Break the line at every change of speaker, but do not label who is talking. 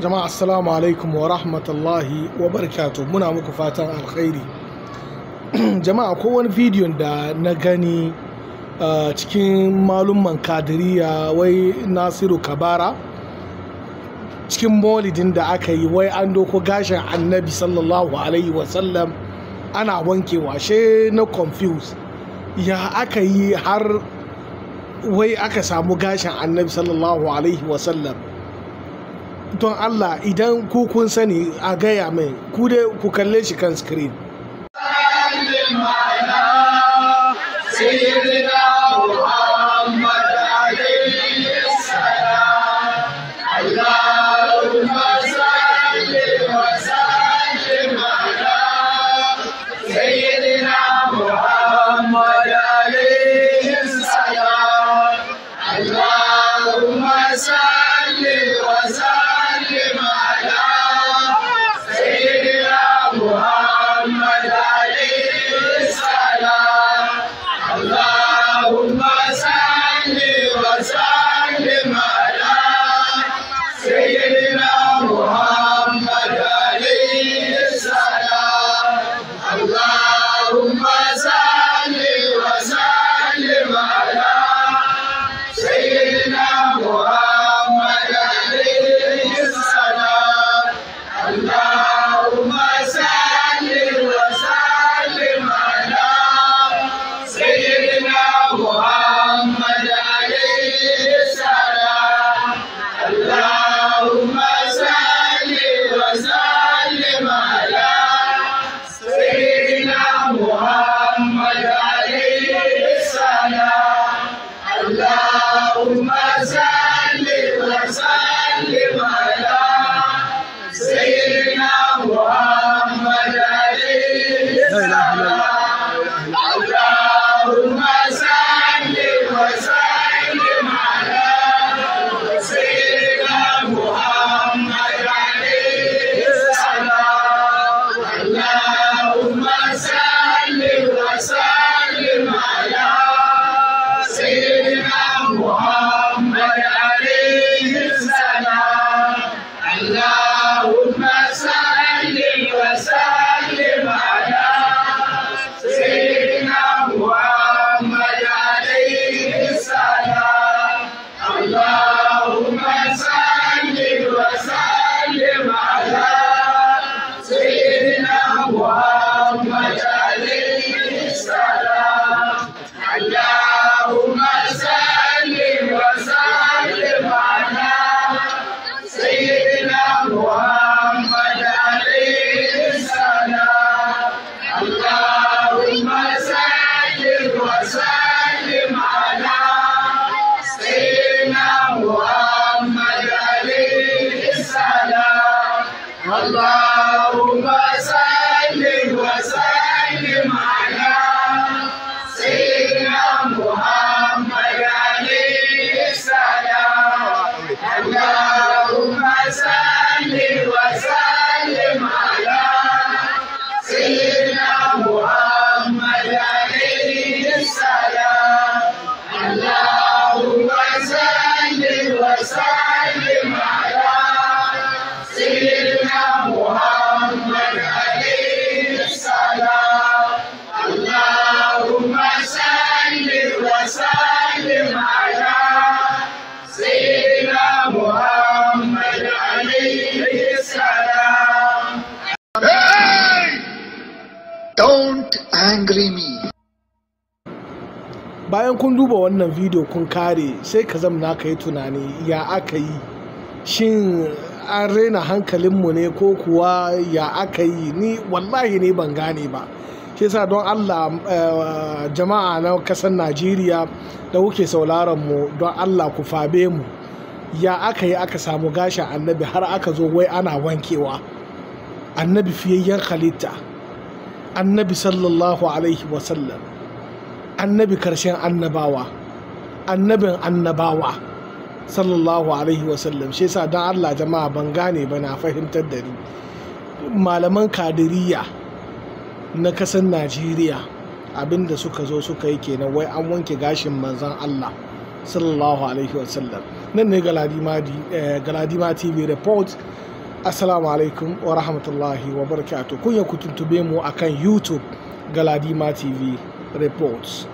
jama'a assalamu alaikum wa rahmatullahi wa barakatuh muna muku fatan alkhairi jama'a ko wani bidiyon da na gani uh, cikin malumman kadiriya wai nasiru kabara cikin molidin da aka yi wai an doko gashin annabi sallallahu alaihi wasallam ana wankewa she na confuse ya aka yi har wai aka samu gashin annabi sallallahu alaihi wasallam don Allah idan ku kun sani a gaya mai ku dai ku kalle shi kan screen
Sayyidina Muhammad اللهم صل وسلم على سيدنا محمد عليه السلام اللهم صل وسلم على سيدنا محمد عليه السلام اللهم صل وسلم على
سيدنا محمد
Wow. don't angry me
bayan kun duba wannan bidiyo kun kare sai ka zamna ka yi tunani ya aka yi shin an raina hankalinmu ne ko kuwa ya aka yi ni wallahi ne ban gane ba shi sa don allah eh, jama'a na kasar najeriya da kuke sauraron mu don allah ku fabe mu ya aka yi aka samu gashin annabi har aka zo wai ana wankewa annabi fiye yan halitta annabi sallallahu alaihi wasallam annabi karshen annabawa annabin annabawa sallallahu alaihi wasallam shi yasa don allah jama'a ban gane ba na fahimtar da ni malaman kadiriya na kasan najeriya abinda suka zo suka yi kenan wai an wanke gashin manzan allah sallallahu alaihi wasallam nan ne galadima eh, tv report assalamu alaikum wa rahmatullahi wa barakatuh kun ya ku tuntube mu akan youtube galadima tv reports